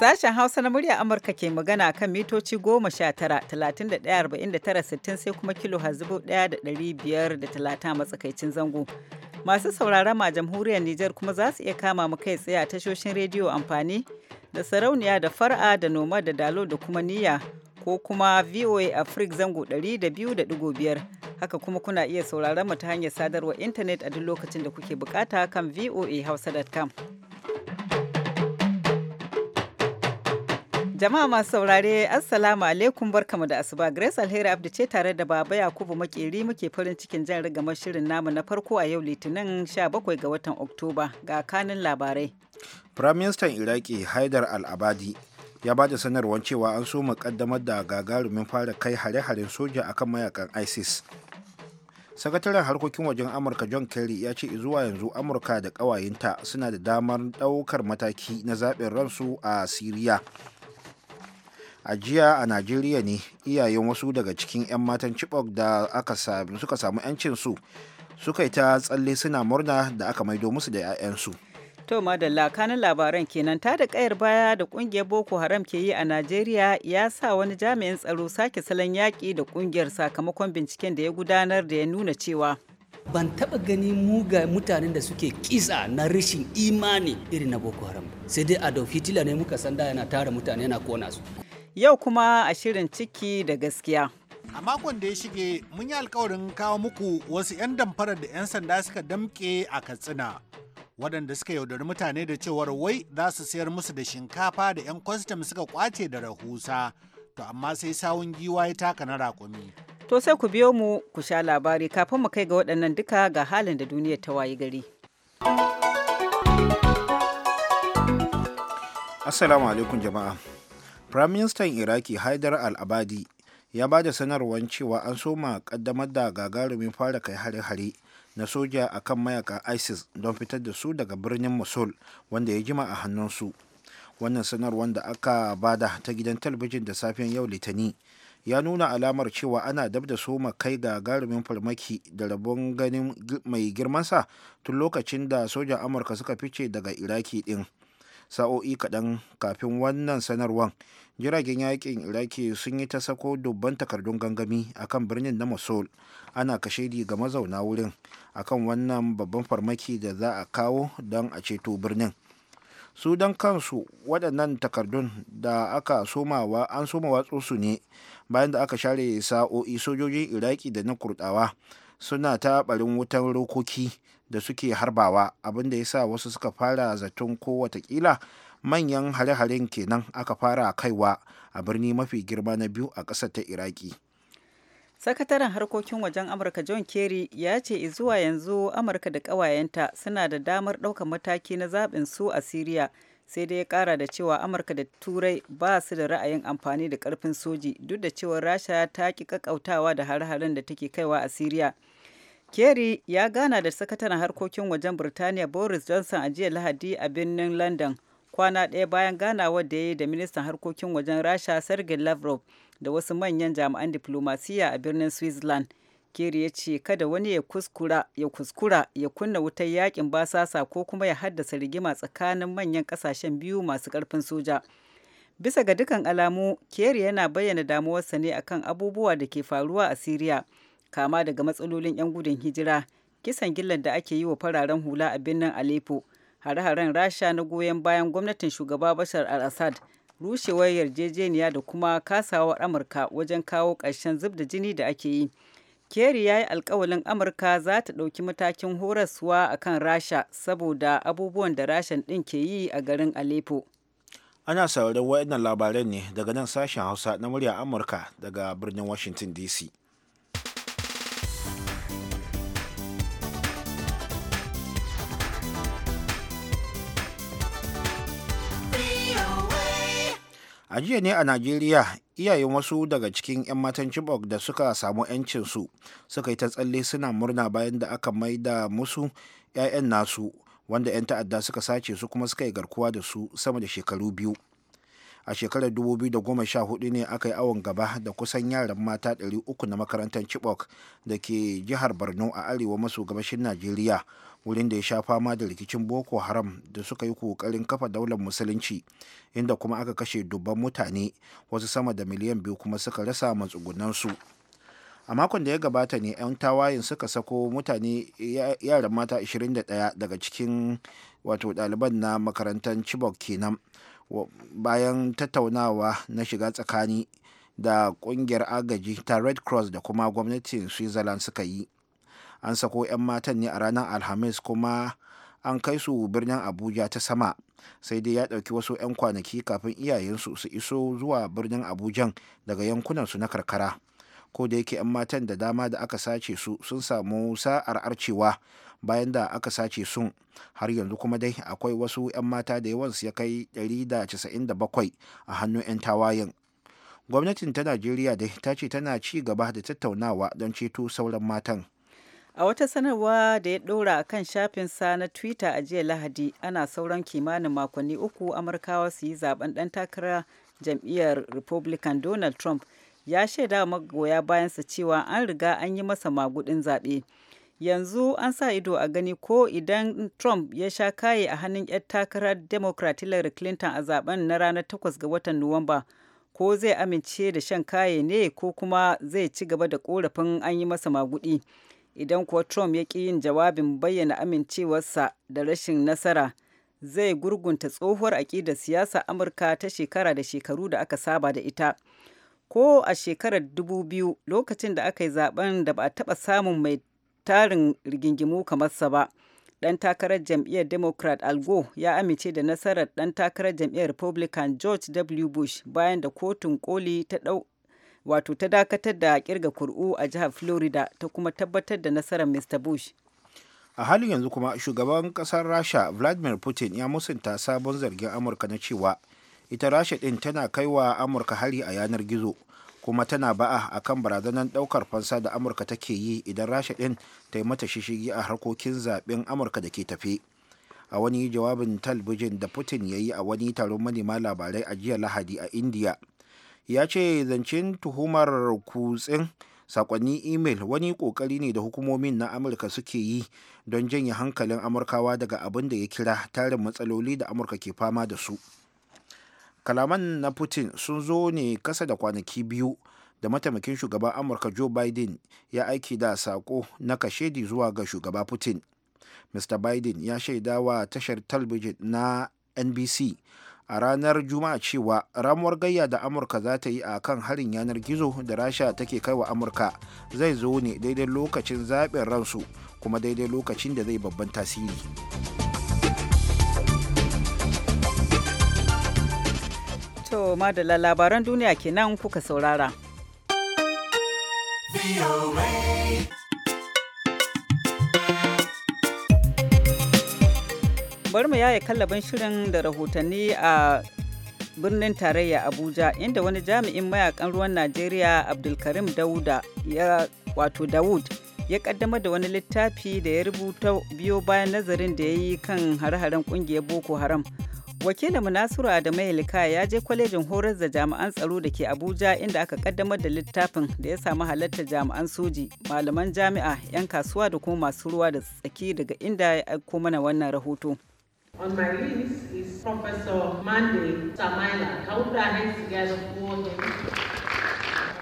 Sashen Hausa na murya Amurka ke magana kan mitoci goma 19-31-49-60 sai kuma kilo hazibu 1,530 matsakaicin zango. Masu sauraron ma jamhuriyar Nijar kuma za su iya kama mu kai tsaye a tashoshin rediyo amfani da sarauniya da fara da noma da dalo da kuma niyya ko kuma VOA Africa zango 200.5 haka kuma kuna iya sauraron mu ta hanyar sadarwar intanet a duk lokacin da kuke bukata kan voahausa.com. Jama'a masu saurare, Assalamu alaikum barkamu da asuba. Grace Alheri Abdi ce tare da Baba Yakubu Makeri muke farin cikin jan rigamar shirin namu na farko a yau Litinin 17 ga watan Oktoba ga kanin labarai. Firaministan Iraki Haidar Al-Abadi ya ba da sanarwar cewa an so kaddamar da gagarumin fara kai hare-haren soja a kan mayakan isis sakataren harkokin wajen amurka john kerry ya ce zuwa yanzu amurka da ƙawayenta suna da damar ɗaukar mataki na zaɓin ransu a siriya a jiya a najeriya ne iyayen wasu daga cikin 'yan matan chibok da aka suka samu 'yancinsu suka yi ta tsalle suna murna da aka maido musu da 'ya'yansu To madalla kanin labaran kenan ta da kayar baya da kungiyar Boko Haram ke yi a Najeriya ya sa wani jami'in tsaro sake salon yaƙi da kungiyar sakamakon binciken da ya gudanar da ya nuna cewa ban taba gani muga mutanen da suke kisa na rashin imani irin na Boko Haram sai dai Adolf Hitler ne muka san da yana tara mutane yana kona su. Yau kuma a shirin ciki da gaskiya A makon da ya shige mun yi alkawarin kawo muku wasu 'yan damfarar da 'yan sanda suka damke a Katsina. Waɗanda suka yaudari mutane da cewar wai za su sayar musu da shinkafa da 'yan kwastam suka kwace da rahusa. To amma sai sawun giwa ya taka na raƙumi. To sai ku biyo mu ku sha labari kafin mu kai ga waɗannan duka ga halin da duniyar ta wayi gari. Assalamu alaikum jama'a. Firaministan Iraki Haidar Al-Abadi ya ba da sanarwar cewa an soma kaddamar da gagarumin fara kai hare-hare na soja a kan mayakan isis don fitar da su daga birnin mosul wanda ya jima a hannunsu wannan sanarwar da aka bada ta gidan talabijin da safiyan yau litani ya nuna alamar cewa ana dab da soma kai gagarumin farmaki da rabon ganin mai girmansa tun lokacin da sojan amurka suka fice daga iraki din sa'o'i kaɗan kafin wannan sanarwar jiragen yakin iraki sun yi ta sako dubban takardun gangami a kan birnin na mosul ana kashedi ga mazauna wurin a kan wannan babban farmaki da za a kawo don a ceto birnin su don kansu waɗannan takardun da aka somawa an soma watsu ne bayan da aka share sa'o'i sojojin iraki da na kurdawa suna ta ɓarin wutan rokoki da suke harbawa abinda ya sa wasu suka fara zaton ko watakila manyan hare-haren kenan aka fara kaiwa a birni mafi girma na biyu a ƙasar ta iraki sakataren harkokin wajen amurka john kerry ya ce zuwa yanzu amurka da ƙawayenta suna da damar ɗaukar mataki na zaɓin su a syria sai dai ya ƙara da cewa amurka da turai ba su da ra'ayin amfani da ƙarfin soji duk da cewa rasha ta ƙi ƙaƙautawa da hare-haren da take kaiwa a syria Kerry ya gana da sakataren harkokin wajen Birtaniya Boris Johnson a jiya Lahadi a birnin London kwana ɗaya bayan ganawar da ya yi da ministan harkokin wajen Rasha Sergei Lavrov da wasu manyan jami'an diplomasiya a birnin Switzerland. Kerry ya ce kada wani ya kuskura ya kuskura ya kunna wutar yakin basasa ko kuma ya haddasa rigima tsakanin manyan kasashen biyu masu ƙarfin soja. Bisa ga dukan alamu, Kerry yana bayyana damuwarsa ne akan abubuwa da ke faruwa a Siriya. kama daga matsalolin 'yan gudun hijira kisan gillan da ake yi wa fararen hula a birnin aleppo hare-haren rasha na goyon bayan gwamnatin shugaba bashar al-assad rushewar yarjejeniya da kuma kasawar amurka wajen kawo ƙarshen zub da jini da ake yi keri ya yi alkawalin Amurka za ta ɗauki matakin horaswa a kan Rasha saboda abubuwan da Rashan ɗin ke yi a garin Aleppo. Ana sauraron waɗannan labaran ne daga nan sashen Hausa na murya Amurka daga birnin Washington DC. a jiya ne a najeriya iyayen wasu daga cikin 'yan matan chibok da suka samu 'yancinsu suka yi ta tsalle suna murna bayan da aka mai da musu 'ya'yan nasu wanda 'yan ta'adda suka sace su kuma suka yi garkuwa da su sama da shekaru biyu a shekarar 2014 ne aka yi awon gaba da kusan yaran mata 300 na makarantar chibok da ke jihar borno a arewa maso gabashin najeriya wurin da ya sha fama da rikicin boko haram da suka yi kokarin kafa daular musulunci inda kuma aka kashe dubban mutane wasu sama da miliyan biyu kuma suka rasa matsugunansu a makon da ya gabata ne 'yan tawayin suka sako mutane yaran mata 21 daga cikin wato ɗaliban na makarantar chibok kenan bayan tattaunawa na shiga tsakani da kungiyar agaji ta red cross da kuma gwamnatin switzerland suka yi an sako 'yan matan ne a ranar alhamis kuma an kai su birnin abuja ta sama sai dai ya ɗauki wasu 'yan kwanaki kafin iyayensu su iso zuwa birnin abujan daga yankunansu na karkara ko da yake 'yan matan da dama da aka sace su sun samu sa'ar arcewa bayan da aka sace sun har yanzu kuma dai akwai wasu 'yan mata da yawan su ya kai 197 a hannun 'yan tawayen gwamnatin ta najeriya dai ta ce tana ci gaba da tattaunawa don ceto sauran matan a wata sanarwa da ya ɗora a kan shafinsa na twitter a jiya lahadi ana sauran kimanin makonni uku amurkawa su yi zaben ɗan takara jam'iyyar republican donald trump ya shaida magoya bayansa cewa an riga an yi masa magudin zaɓe yanzu an sa ido a gani ko idan trump ya sha kaye a hannun 'yar takarar democrat hillary clinton a zaben na ranar 8 ga watan nuwamba ko zai amince da shan kaye ne ko kuma zai ci gaba da korafin an yi masa magudi idan kuwa trump ya ƙi yin jawabin bayyana amincewarsa da rashin nasara zai gurgunta tsohuwar aƙidar siyasa amurka ta shekara da shekaru da aka saba da ita ko a shekarar 2000 lokacin da aka yi zaben da ba a taɓa samun mai tarin rigingimu kamar sa ba ɗan takarar jam'iyyar democrat al gore ya amince da nasarar ɗan takarar jam'iyyar republican george w bush bayan da kotun koli ta ɗau wato ta dakatar da kirga kur'u a jihar florida ta kuma tabbatar da nasarar mr bush a halin yanzu kuma shugaban kasar rasha vladimir putin ya musanta sabon zargin amurka na cewa ita rasha ɗin tana kaiwa amurka hari a yanar gizo kuma tana ba'a a kan barazanar ɗaukar fansa da amurka take yi idan rasha ɗin ta yi mata shishigi a harkokin zaben amurka da ke tafe a wani jawabin talbijin da putin ya yi a wani taron manema labarai a jiya lahadi a india ya ce zancen tuhumar kutsin sakonni imel wani kokari ne da hukumomin na amurka suke yi don janye hankalin amurkawa daga abin da ya kira tarin matsaloli da amurka ke fama da su kalaman na putin sun zo ne kasa da kwanaki biyu da mataimakin shugaban amurka joe biden ya aiki da sako na kashedi zuwa ga shugaba putin mr biden ya shaida wa tashar talbijin na nbc a ranar juma'a cewa ramuwar gayya da amurka za ta yi a kan harin yanar gizo da rasha take kai wa amurka zai zo ne daidai lokacin zaɓin ransu kuma daidai lokacin da zai babban tasiri. koma da labaran duniya kenan kuka saurara. Bari mu yaya kallabin shirin da rahotanni a birnin tarayya Abuja inda wani jami'in mayakan ruwan Najeriya Abdulkarim Dauda ya wato Dawud ya kaddamar da wani littafi da ya rubuta biyo bayan nazarin da ya yi kan hare-haren kungiyar Boko Haram. wakilin nasiru da yalika ya je kwalejin horar da jami'an tsaro da ke abuja inda aka kaddamar da littafin da ya samu halartar jami'an soji malaman jami'a 'yan kasuwa da kuma masu ruwa da tsaki daga inda ya aiko mana wannan rahoto On my list is Professor Mande Samaila. Kawuta haisu ya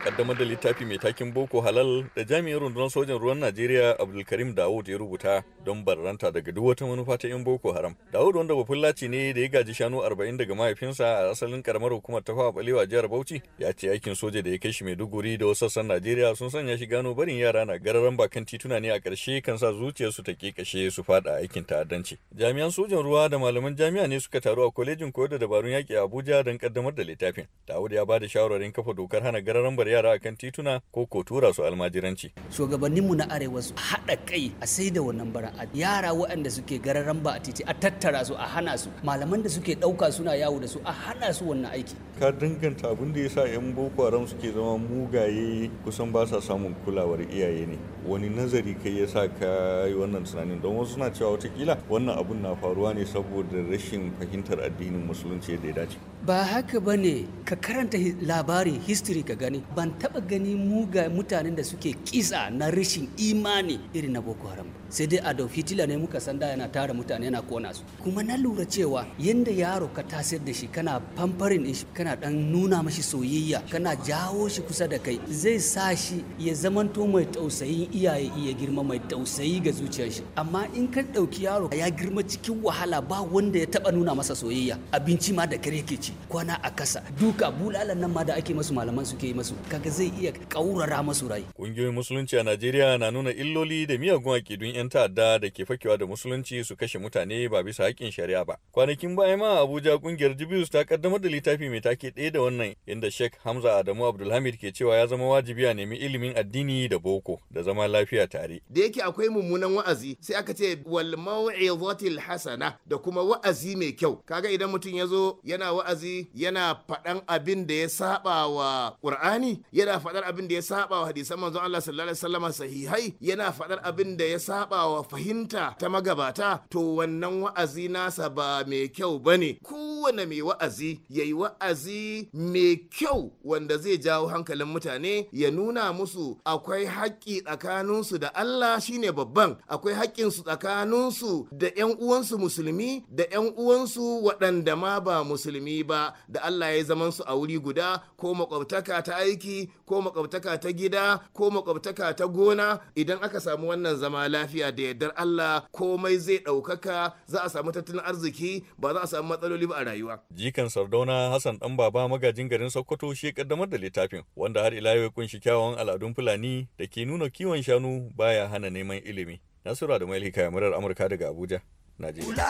kaddamar da littafi mai takin boko halal da jami'in rundunar sojan ruwan najeriya abdulkarim dawud ya rubuta don barranta daga duk wata manufa ta yan boko haram dawud wanda bafullaci ne da ya gaji shanu arba'in daga mahaifinsa a asalin karamar hukumar ta fawa balewa jihar bauchi ya ce aikin soja da ya kai shi maiduguri da wasu sassan najeriya sun sanya shi gano barin yara na gararan bakan tituna ne a ƙarshe kan sa zuciyarsu ta kashe su fada aikin ta'addanci jami'an sojan ruwa da malaman jami'a ne suka taru a kwalejin koyar da dabarun yaƙi a abuja don kaddamar da littafin dawud ya ba da shawararin kafa dokar hana gararan yara kan tituna ko ko tura su almajiranci shugabanninmu na arewa su haɗa kai a sai da wannan bara yara waɗanda suke gararan ba a titi a tattara su a hana su malaman da suke ɗauka suna yawo da su a hana su wannan aiki ka danganta abin da ya sa yan boko haram suke zama mugaye kusan ba sa samun kulawar iyaye ne wani nazari kai yasa ka yi wannan tunanin don wasu suna cewa watakila wannan abun na faruwa ne saboda rashin fahimtar addinin musulunci da ya dace ba haka ba ne ka karanta labari history ka gani ban taba gani muga mutanen da suke kisa na rashin imani irin na boko haram sai dai adolf hitler ne muka san da yana tara mutane yana kona su kuma na lura cewa yadda yaro ka tasir da shi kana famfarin shi kana dan nuna mashi soyayya kana jawo shi kusa da kai zai sa shi ya zamanto mai tausayin iyaye iya girma mai tausayi ga zuciyar shi amma in ka dauki yaro ya girma cikin wahala ba wanda ya taba nuna masa soyayya abinci ma da kare ke ci kwana a kasa duka bulalan nan ma da ake masu malaman suke yi masu kaga zai iya kaurara masu rai kungiyoyin musulunci a Najeriya na nuna illoli da miyagun akidun yan ta'adda da ke fakewa da musulunci su kashe mutane ba bisa haƙƙin shari'a ba kwanakin baya ma Abuja kungiyar Jibius ta kaddamar da littafi mai take ɗaya da wannan inda Sheikh Hamza Adamu Abdulhamid ke cewa ya zama wajibi a nemi ilimin addini da boko da zama lafiya tare da yake akwai mummunan wa'azi sai aka ce wal mau'izatil hasana da kuma wa'azi mai kyau kaga idan mutum ya zo yana wa'azi wa'azi yana faɗan abin da ya saba wa ƙur'ani yana faɗar abin da ya saba wa hadisan manzon Allah sallallahu alaihi wasallam sahihai yana faɗar abin da ya saba wa fahimta ta magabata to wannan wa'azi nasa ba mai kyau bane kowane mai wa'azi yayi wa'azi mai kyau wanda zai jawo hankalin mutane ya nuna musu akwai haƙƙi tsakaninsu da Allah shine babban akwai haƙƙinsu tsakaninsu da ƴan uwansu musulmi da ƴan uwansu waɗanda ma ba musulmi ba ba da Allah ya yi zaman su a wuri guda ko makwabtaka ta aiki ko makwabtaka ta gida ko makwabtaka ta gona idan aka samu wannan zama lafiya da yardar Allah komai zai ɗaukaka za a samu tattalin arziki ba za a samu matsaloli ba a rayuwa. Jikan Sardauna Hassan dan baba magajin garin Sokoto shi kaddamar da littafin wanda har ila ya kunshi kyawawan al'adun Fulani da ke nuna kiwon shanu baya hana neman ilimi. Nasura da Mailika murar Amurka daga Abuja, Najeriya.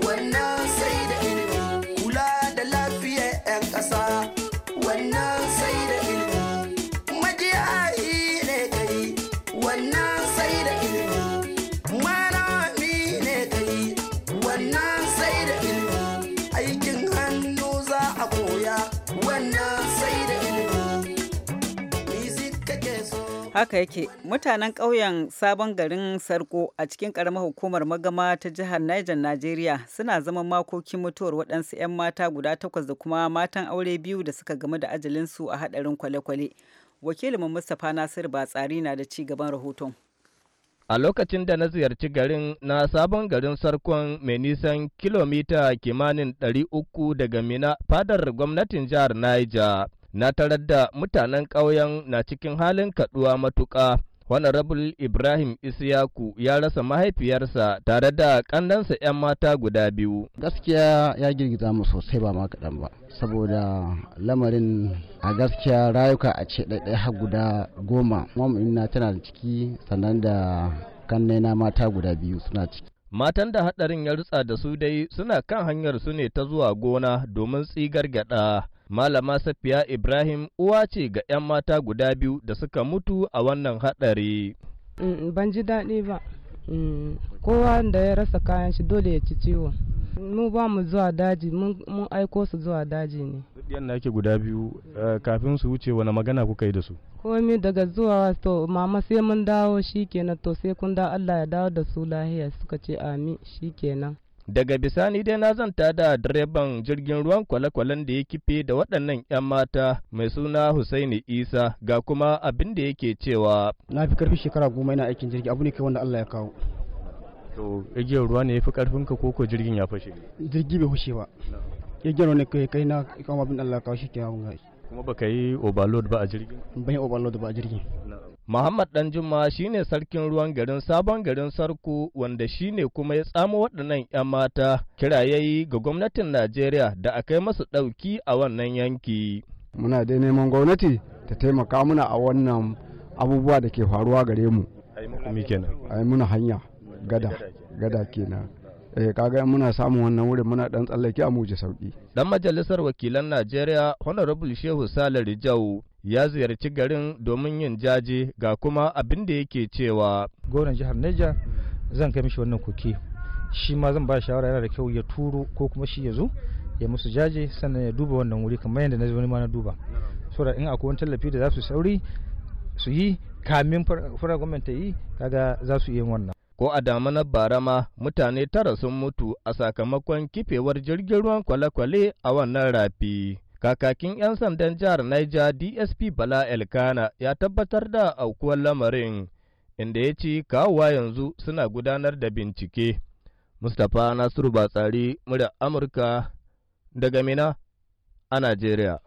When I say the enemy. haka yake mutanen ƙauyen sabon garin sarko a cikin ƙaramar hukumar magama ta jihar niger najeriya suna zaman makokin mutuwar waɗansu 'yan mata guda takwas da kuma matan aure biyu da suka gamu da ajalinsu a haɗarin kwale-kwale wakilin mustapha nasir batsari na da ci gaban rahoton a lokacin da na ziyarci garin na sabon garin sarkon mai nisan kilomita kimanin 300 daga mina fadar gwamnatin jihar niger na tarar da mutanen ƙauyen na cikin halin kaɗuwa matuƙa. Honorable Ibrahim Isiyaku ya rasa mahaifiyarsa tare da ƙandansa 'yan mata guda biyu. Gaskiya ya girgiza mu sosai ba ma kaɗan ba, saboda lamarin a gaskiya rayuka a ce ɗaiɗai har guda goma. Mamina tana da ciki sannan da kannena mata guda biyu suna ciki. Matan da hadarin ya rutsa da su dai suna kan hanyar su ne ta zuwa gona domin tsigar gyaɗa. Malama Safiya Ibrahim uwa ce ga 'yan mata guda biyu da suka mutu a wannan haɗari. Mm, mm, ban ji daɗi ba. Mm, kowa da ya rasa kayan shi dole ya ci ciwo. Mu ba mu zuwa daji, mun aiko su zuwa daji ne. Yan da guda biyu eh, kafin su wuce wani magana kuka yi da su? Komi daga zuwa to mama sai mun dawo shi kenan to sai kun da Allah ya dawo da su lahiya suka ce amin shi kenan. daga bisani dai na zanta da direban jirgin ruwan kwale-kwalen da ya kife da waɗannan 'yan mata mai suna husaini isa ga kuma abin da yake cewa na fi karfi shekara goma yana aikin jirgi abu ne kai wanda allah ya kawo to igiyar ruwa ne ya fi karfin ka koko jirgin ya fashe jirgi bai fashe ba igiyar ruwa ne kai kai na kawo abin allah ya kawo shi ke kuma baka yi overload ba a jirgin ban yi overload ba a jirgin Muhammad Danjuma ne sarkin ruwan garin sabon garin Sarku wanda shi ne kuma ya tsamo waɗannan 'yan mata kirayayi ga gwamnatin Najeriya da a kai masu ɗauki a wannan yanki. Muna dai neman gwamnati ta taimaka muna a wannan abubuwa da ke faruwa gare mu. Ai muna hanya gada gada kenan. eh kaga muna samun wannan wurin muna dan tsallake a muje sauki dan majalisar wakilan Najeriya honorable Shehu Sale Jau ya ziyarci garin domin yin jaje ga kuma abin da yake cewa gwamnan jihar Neja zan kai mishi wannan kuki shi ma zan ba shawara yana da kyau ya turo ko kuma shi ya zo ya musu jaje sannan ya duba wannan wuri kamar yadda na zo ma na duba saboda in akwai wani tallafi da za su sauri su yi kamin fara gwamnati ta yi kaga za su yi wannan ko a damanar barama mutane tara sun mutu a sakamakon kifewar jirgin ruwan kwale-kwale a wannan rafi kakakin 'yan sandan jihar Niger DSP Bala Elkana ya tabbatar da aukuwar lamarin inda ya ce kawowa yanzu suna gudanar da bincike. Mustapha Nasiru Batsari, murya Amurka daga Mina a Najeriya.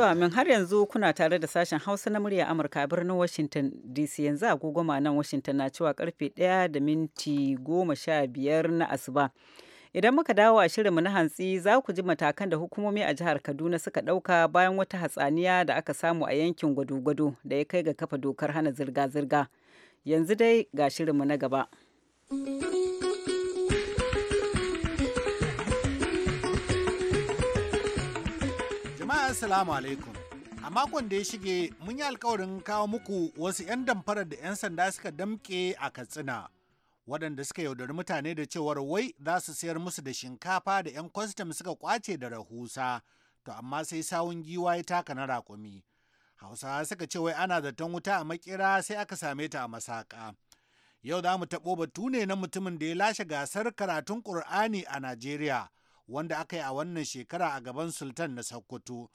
To amin har yanzu kuna tare da sashen Hausa na murya Amurka a birnin Washington DC yanzu agogo nan Washington na cewa karfe 1 da minti 15 na asuba. Idan muka dawo a shirinmu na hantsi za ku ji matakan da hukumomi a jihar Kaduna suka ɗauka bayan wata hatsaniya da aka samu a yankin gwado-gwado da ya kai ga kafa dokar hana zirga-zirga. Yanzu dai ga shirinmu na gaba. Assalamu alaikum. A makon da ya shige mun yi alkawarin kawo muku wasu 'yan damfarar da 'yan sanda suka damƙe a Katsina. Waɗanda suka yaudari mutane da cewar wai za su sayar musu da shinkafa da 'yan kwastam suka kwace da rahusa, to amma sai sawun giwa ya taka na raƙumi. Hausawa suka ce wai ana zaton wuta a makera sai aka same ta a masaka. Yau za mu taɓo batu ne na mutumin da ya lashe gasar karatun Ƙur'ani a Najeriya, wanda aka yi a wannan shekara a gaban Sultan na Sokoto.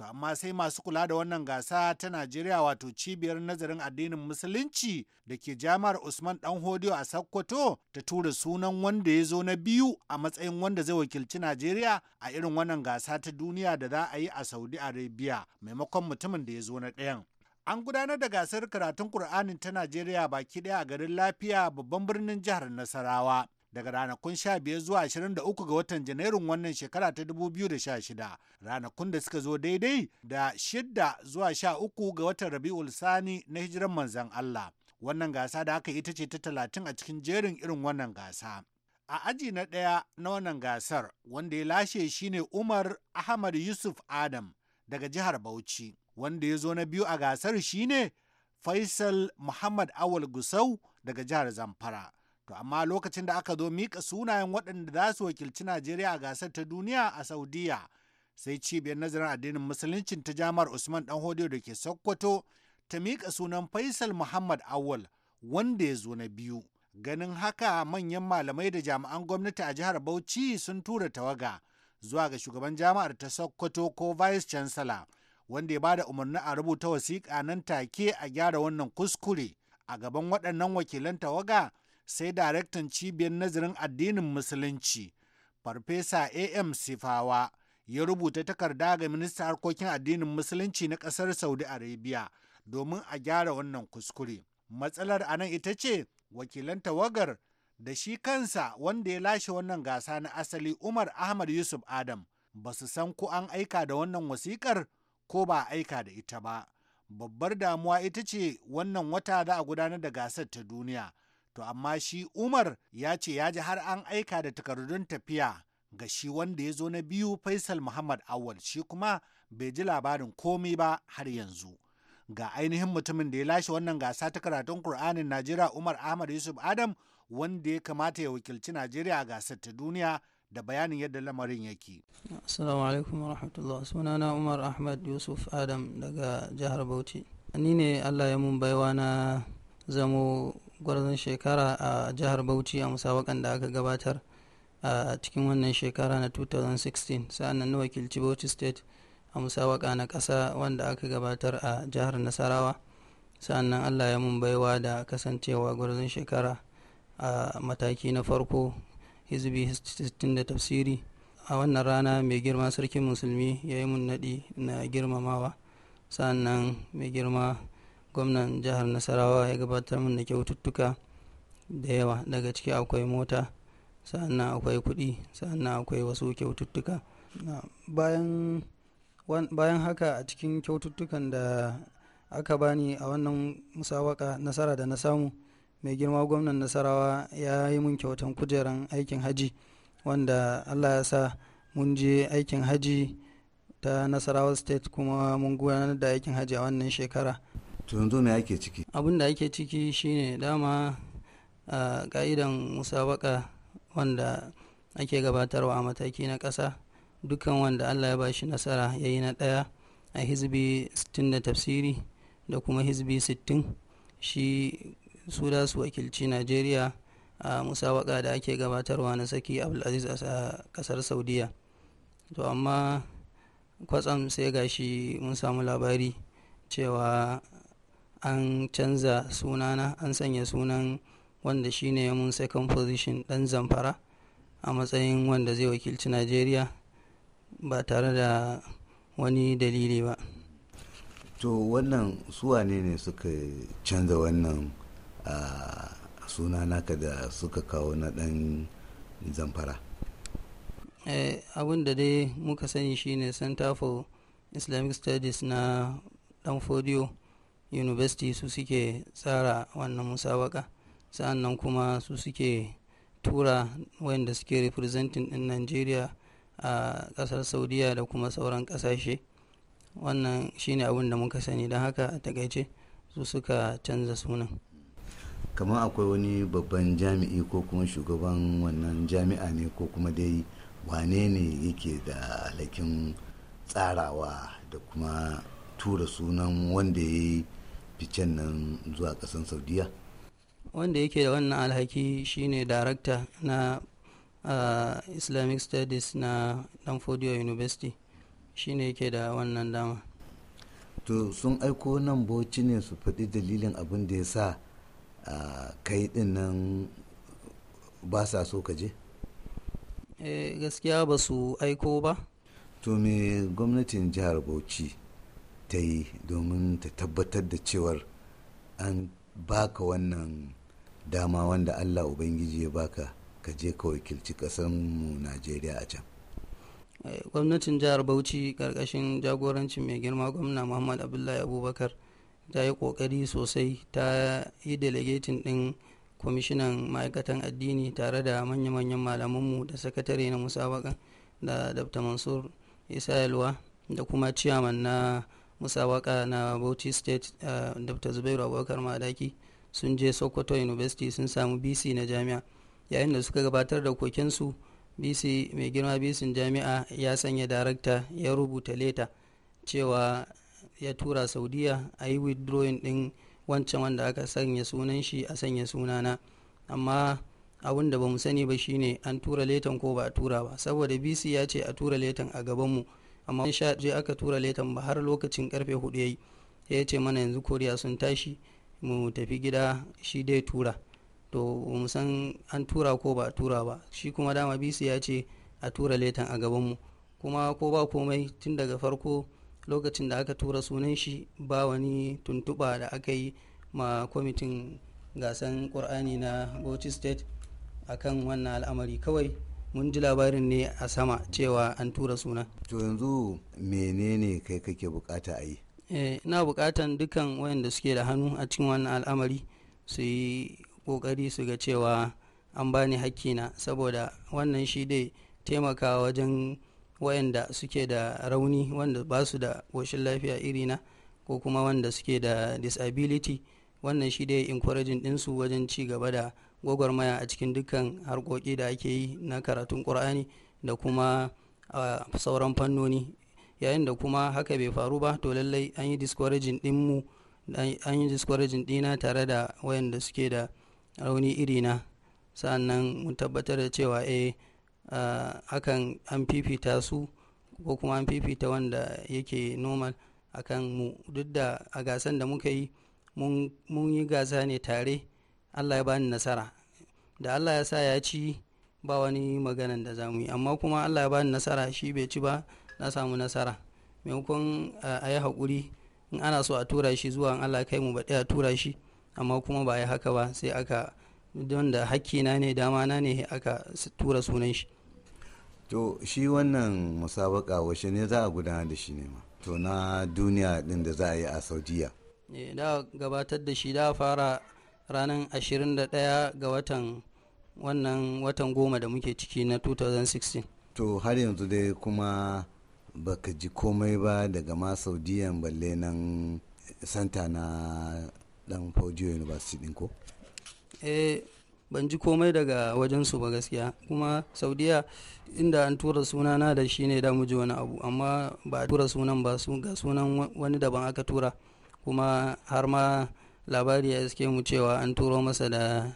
To amma sai masu kula da wannan gasa ta Najeriya wato cibiyar nazarin addinin musulunci da ke jami'ar Usman Dan Hodiyo a Sokoto ta tura sunan wanda ya zo na biyu a matsayin wanda zai wakilci Najeriya a irin wannan gasa ta duniya da za a yi a Saudi Arabia maimakon mutumin da ya zo na ɗayan. An gudanar da gasar karatun Kur'anin ta Najeriya baki ɗaya a garin Lafiya babban birnin jihar Nasarawa. daga ranakun 15 zuwa 23 ga watan Janairun wannan shekara ta 2016 ranakun da suka zo daidai da 6 zuwa 13 ga watan Rabi'ul Sani na hijiran manzan Allah. Wannan gasa da haka ita ce ta 30 a cikin jerin irin wannan gasa. A aji na ɗaya na wannan gasar wanda ya lashe shine Umar Ahmad Yusuf Adam daga jihar Bauchi. Wanda ya zo na biyu a gasar shine Faisal Muhammad Awal Gusau daga jihar Zamfara. To amma lokacin da aka zo mika sunayen waɗanda za su wakilci Najeriya a gasar ta duniya a Saudiya sai cibiyar nazarin addinin musuluncin ta jami'ar Usman Danhodiyo da ke Sokoto ta mika sunan Faisal Muhammad Awal wanda ya zo na biyu. Ganin haka manyan malamai da jami'an gwamnati a jihar Bauchi sun tura tawaga zuwa ga shugaban jami'ar ta Sokoto ko Vice Chancellor wanda ya bada umarni a rubuta wasiƙa nan take a gyara wannan kuskure a gaban waɗannan wakilan tawaga sai daraktan cibiyar nazarin addinin musulunci farfesa am sifawa ya rubuta takarda ga ministan harkokin addinin musulunci na ƙasar saudi arabia domin a gyara wannan kuskure matsalar anan ita ce wakilan tawagar da shi kansa wanda ya lashe wannan gasa na asali umar ahmad yusuf adam ba su san ko an aika da wannan wasikar ko ba aika da ita ba babbar damuwa ita ce wannan wata za a gudanar da gasar ta duniya To amma shi Umar ya ce ya ji har an aika da takardun tafiya ga shi wanda ya zo na biyu Faisal Muhammad Awal shi kuma bai ji labarin komai ba har yanzu. Ga ainihin mutumin da ya lashe wannan gasa ta karatun Kur'anin Najeriya Umar Ahmad Yusuf Adam wanda ya kamata ya wakilci Najeriya a gasar ta duniya da bayanin yadda lamarin yake. Assalamu alaikum wa rahmatullah sunana Umar Ahmad Yusuf Adam daga jihar Bauchi. Ni ne Allah ya mun baiwa na zamo gwarzon shekara a jihar bauchi a musawakan da aka gabatar a cikin wannan shekara na 2016 sa'annan na wakilci bauchi state a musawaka na kasa wanda aka gabatar a jihar nasarawa nan allah ya mun baiwa da kasancewa gwarzon shekara a mataki na farko hizbi 60 da tafsiri a wannan rana mai girma sarkin musulmi ya yi mun naɗi na girmamawa sannan mai girma gwamnan jihar nasarawa ya gabatar min da kyaututtuka da yawa daga ciki akwai mota sannan akwai kuɗi sannan akwai wasu kyaututtuka bayan bayan haka a cikin kyaututtukan da aka bani a wannan musawaka nasara da na samu mai girma gwamnan nasarawa ya yi mun kyautan kujeran aikin haji wanda allah ya sa mun je aikin haji ta nasarawa state kuma mun gudanar da aikin haji a wannan shekara to yanzu me ake ciki abin da ake ciki shine dama a ka'idan musabaka wanda ake gabatarwa a mataki na ƙasa dukkan wanda allah ya ba shi nasara ya yi na ɗaya a hizbi 60 da tafsiri da kuma hizbi 60 shi su da su wakilci nigeria a musabaka da ake gabatarwa na saki abdulaziz a kasar saudiya to amma kwatsam sai gashi mun samu labari cewa an canza sunana an sanya sunan wanda shine ya mun second position dan zamfara a matsayin wanda zai wakilci nigeria ba tare da wani dalili ba to wannan suwa ne suka canza wannan suna naka da suka kawo na dan zamfara eh, abin da dai muka sani shine center for islamic studies na dan fodiyo university su suke tsara wannan musabaka sa'annan kuma su suke tura wayanda suke representing din nigeria a kasar Saudiya da kuma sauran kasashe wannan shine abin da muka sani don haka a takaice su suka canza sunan kamar akwai wani babban jami'i ko kuma shugaban wannan jami'a ne ko kuma dai wane ne yake da alhakin tsarawa da kuma tura sunan wanda ya yi ficen nan zuwa kasan saudiya wanda yake da wannan alhaki shine darakta na uh, islamic studies na danfodiyo university shine yake da wannan dama to sun aiko nan boci ne su faɗi dalilin abin da ya sa uh, kai ɗin nan ba sa so ka je eh, gaskiya ba su aiko ba to me gwamnatin jihar bauchi ta yi domin ta tabbatar da cewar an baka wannan dama wanda allah ubangiji ya baka ka je ka wakilci mu najeriya a can eh, gwamnatin jihar bauchi karkashin jagorancin mai girma gwamna muhammad abdullahi abubakar ta yi kokari sosai ta yi delegating din kwamishinan ma'aikatan addini tare da manya-manyan malamanmu da sakatare na musabaka da dr mansur isa da kuma ciyaman na musa waka na bauchi state eh, dr zubairu abubakar madaki sun je sokoto university sun samu bc na jami'a yayin da suka gabatar da kokensu bc mai girma bc jami'a ya sanya darakta ya rubuta leta cewa ya tura saudiya a yi withdrawing din wancan wanda aka sanya sunan shi a sanya sunana amma abin da ba mu sani ba shine an tura letan ko ba a tura ba saboda bc ya ce a tura letan a gabanmu amma wani sha je aka tura letan ba har lokacin karfe hudu yayi ya ce mana yanzu koriya sun tashi mu tafi gida shi dai tura to mu san an tura ko ba a tura ba shi kuma dama bisi ya ce a tura letan a gabanmu kuma ko ba komai tun daga farko lokacin da aka tura sunan shi ba wani tuntuɓa da aka yi ma kwamitin gasan ƙur'ani na bauchi state akan wannan al'amari kawai mun ji labarin ne a sama cewa an tura suna to yanzu menene kai kake bukata a yi eh, ina bukatan dukan wayanda suke da hannu a cikin wannan al'amari su yi kokari su ga cewa an bani na saboda wannan shi dai taimakawa wajen wayanda suke da rauni wanda ba su da ƙoshin lafiya irina ko kuma wanda suke da disability wannan shi dai encouraging ɗinsu wajen ci gaba da gwagwarmaya a cikin dukkan harkoki da ake yi na karatun ƙur'ani da kuma a sauran fannoni yayin da kuma haka bai faru ba to lallai an yi discouraging dinmu an yi discouraging dina tare da wayanda suke da rauni irina sa'annan mu tabbatar da cewa eh hakan an fifita su ko kuma an fifita wanda yake normal akan mu duk da a gasan da muka yi mun yi gasa ne tare allah ya bani nasara da allah ya sa ya ci ba wani maganan da za mu yi amma kuma allah ya bani nasara shi bai ci ba na samu nasara maimakon eh, a yi haƙuri in ana so a tura shi zuwa allah kai mu baɗi a tura shi amma kuma ba ya haka ba sai aka don da na ne dama na ne aka tura sunan shi to shi wannan musabaka washe ne za a gudanar da shi ne ma to na duniya din da za a yi a saudiya eh, da gabatar da shi da fara ranar 21 ga watan wannan watan goma da muke ciki na 2016 to har yanzu dai kuma baka ji komai ba daga ma saudiyan balle nan santa na dan university din ko eh ban ji komai daga wajensu ba gaskiya kuma saudiya inda an tura sunana da shi ne da muji wani abu amma ba tura sunan ba su ga sunan wani daban aka tura kuma har ma labari ya iske mu cewa an turo masa da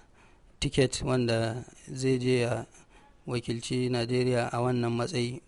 tiket wanda zai je ya wakilci najeriya a wannan matsayi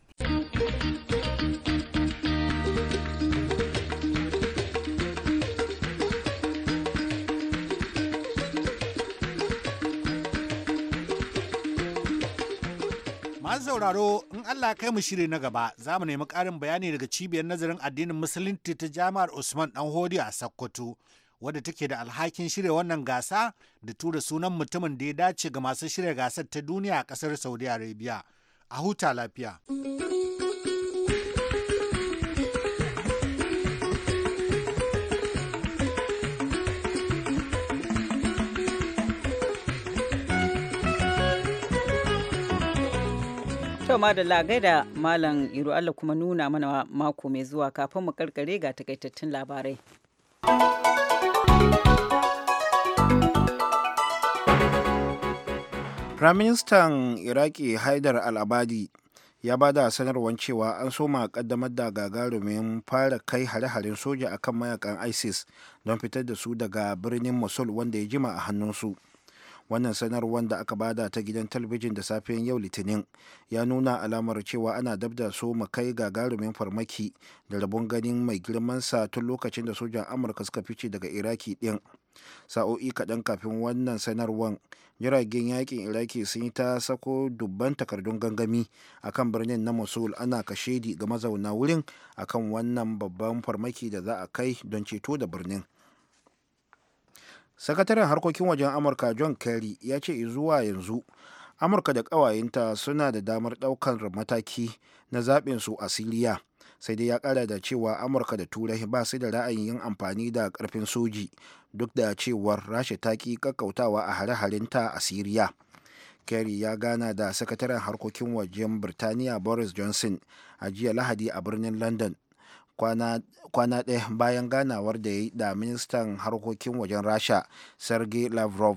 Masu sauraro in Allah kai mu shiri na gaba za mu nemi ƙarin bayani daga cibiyar nazarin addinin musulunci ta jami'ar Usman Danhodi a Sokoto. wadda take da alhakin shirya wannan gasa da tura sunan mutumin da ya dace ga masu shirya gasar ta duniya a kasar saudi arabia a huta lafiya To da da Malam iru Allah kuma nuna mana mako mai zuwa kafin mu karkare ga takaitattun labarai. Firaministan Iraki Haidar al-Abadi ya ba da sanarwar cewa an soma kaddamar da gagarumin fara kai hare-haren soja a kan mayakan ISIS don fitar da su daga birnin Mosul wanda ya jima a hannunsu. Wannan sanarwar da aka bada ta gidan talabijin da safiyan yau Litinin ya nuna alamar cewa ana dab da so kai gagarumin farmaki da rabon ganin mai girmansa tun lokacin da sojan Amurka suka fice daga Iraki din Sa'o'i kaɗan kafin wannan sanarwar jiragen yakin iraki sun yi ta sako dubban takardun gangami a kan birnin na mosul ana kashedi ga mazauna wurin a kan wannan babban farmaki da za a kai don ceto da birnin sakataren harkokin wajen amurka john kerry ya ce zuwa yanzu amurka da ƙawayenta suna da damar daukar mataki na zaɓinsu a siriya sai dai ya kara da cewa amurka da turai ba su da ra'ayin yin amfani da karfin soji duk da cewar rasha ta ki kakkautawa a hare ta a siriya kerry ya gana da sakataren harkokin wajen birtaniya boris johnson a jiya lahadi a birnin london kwana ɗaya bayan ganawar da ya yi da ministan harkokin wajen rasha sergei lavrov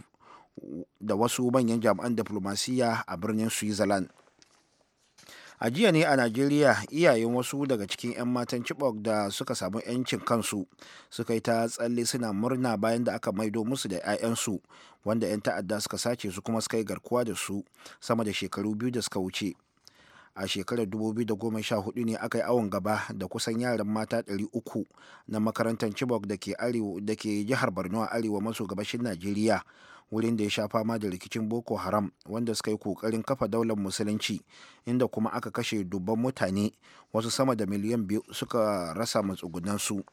da wasu manyan jami'an diplomasiyya a birnin switzerland a jiya ne a najeriya iyayen wasu daga cikin 'yan matan chibok da suka samu 'yancin kansu suka yi ta tsalle suna murna bayan da aka maido musu da 'ya'yansu wanda 'yan ta'adda suka sace su kuma suka yi garkuwa da su sama da shekaru biyu da suka wuce a shekarar 2014 ne aka yi awon gaba da kusan yaran mata 300 na makarantar chibok da ke jihar borno a arewa maso gabashin najeriya wurin da ya sha fama da rikicin boko haram wanda suka yi kokarin kafa daular musulunci inda kuma aka kashe dubban mutane wasu sama da miliyan biyu suka rasa matsugunansu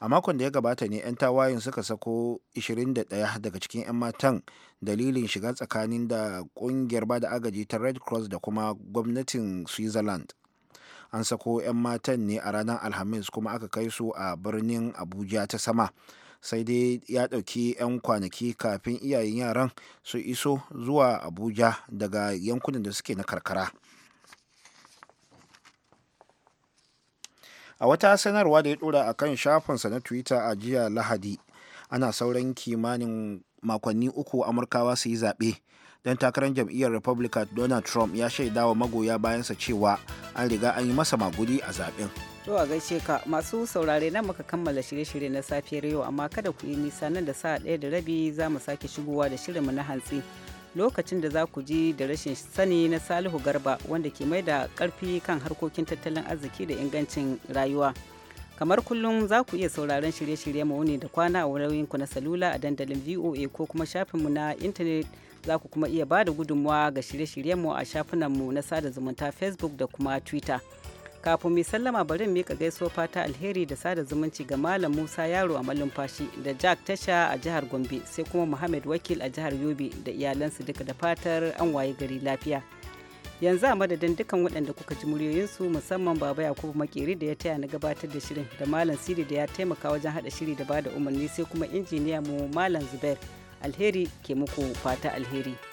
a makon da ya gabata ne 'yan tawayen suka sako 21 daga cikin 'yan matan dalilin shiga tsakanin da kungiyar ba da agaji ta red cross da kuma gwamnatin switzerland an sako 'yan matan ne a ranar alhamis kuma aka kai su a birnin abuja ta sama sai dai ya ɗauki 'yan kwanaki kafin iyayen yaran su iso zuwa abuja daga yankunan da suke na karkara a wata sanarwa da ya ɗora a kan shafinsa na twitter a jiya lahadi ana sauran kimanin makonni uku amurkawa su yi zaɓe don takarar jam'iyyar republican donald trump ya shaidawa magoya bayansa cewa an riga an yi masa magudi a zaɓen. To a gaishe ka masu saurare na muka kammala shirye-shirye na safiyar yau amma kada ku yi nisa nan da sa'a ɗaya da rabi za mu sake shigowa da shirinmu na hantsi. Lokacin da za ku ji da rashin sani na Salihu Garba wanda ke mai da ƙarfi kan harkokin tattalin arziki da ingancin rayuwa. Kamar kullum za ku iya sauraron shirye-shirye mu ne da kwana a ku na salula a dandalin VOA ko kuma shafinmu na intanet za ku kuma iya ba da gudunmawa ga shirye-shiryenmu a shafinanmu na sada zumunta Facebook da kuma Twitter. kafin mai sallama bari mika gaisuwa fata alheri da sada zumunci ga malam musa yaro a malumfashi da jack tasha a jihar gombe sai kuma muhammad wakil a jihar yobe da iyalansu duka da fatar an waye gari lafiya yanzu a madadin dukkan waɗanda kuka ji muryoyinsu musamman baba yakubu makeri da ya taya na gabatar da shirin da malam siri da ya taimaka wajen haɗa shiri da bada umarni sai kuma injiniya mu malam zubair alheri ke muku fata alheri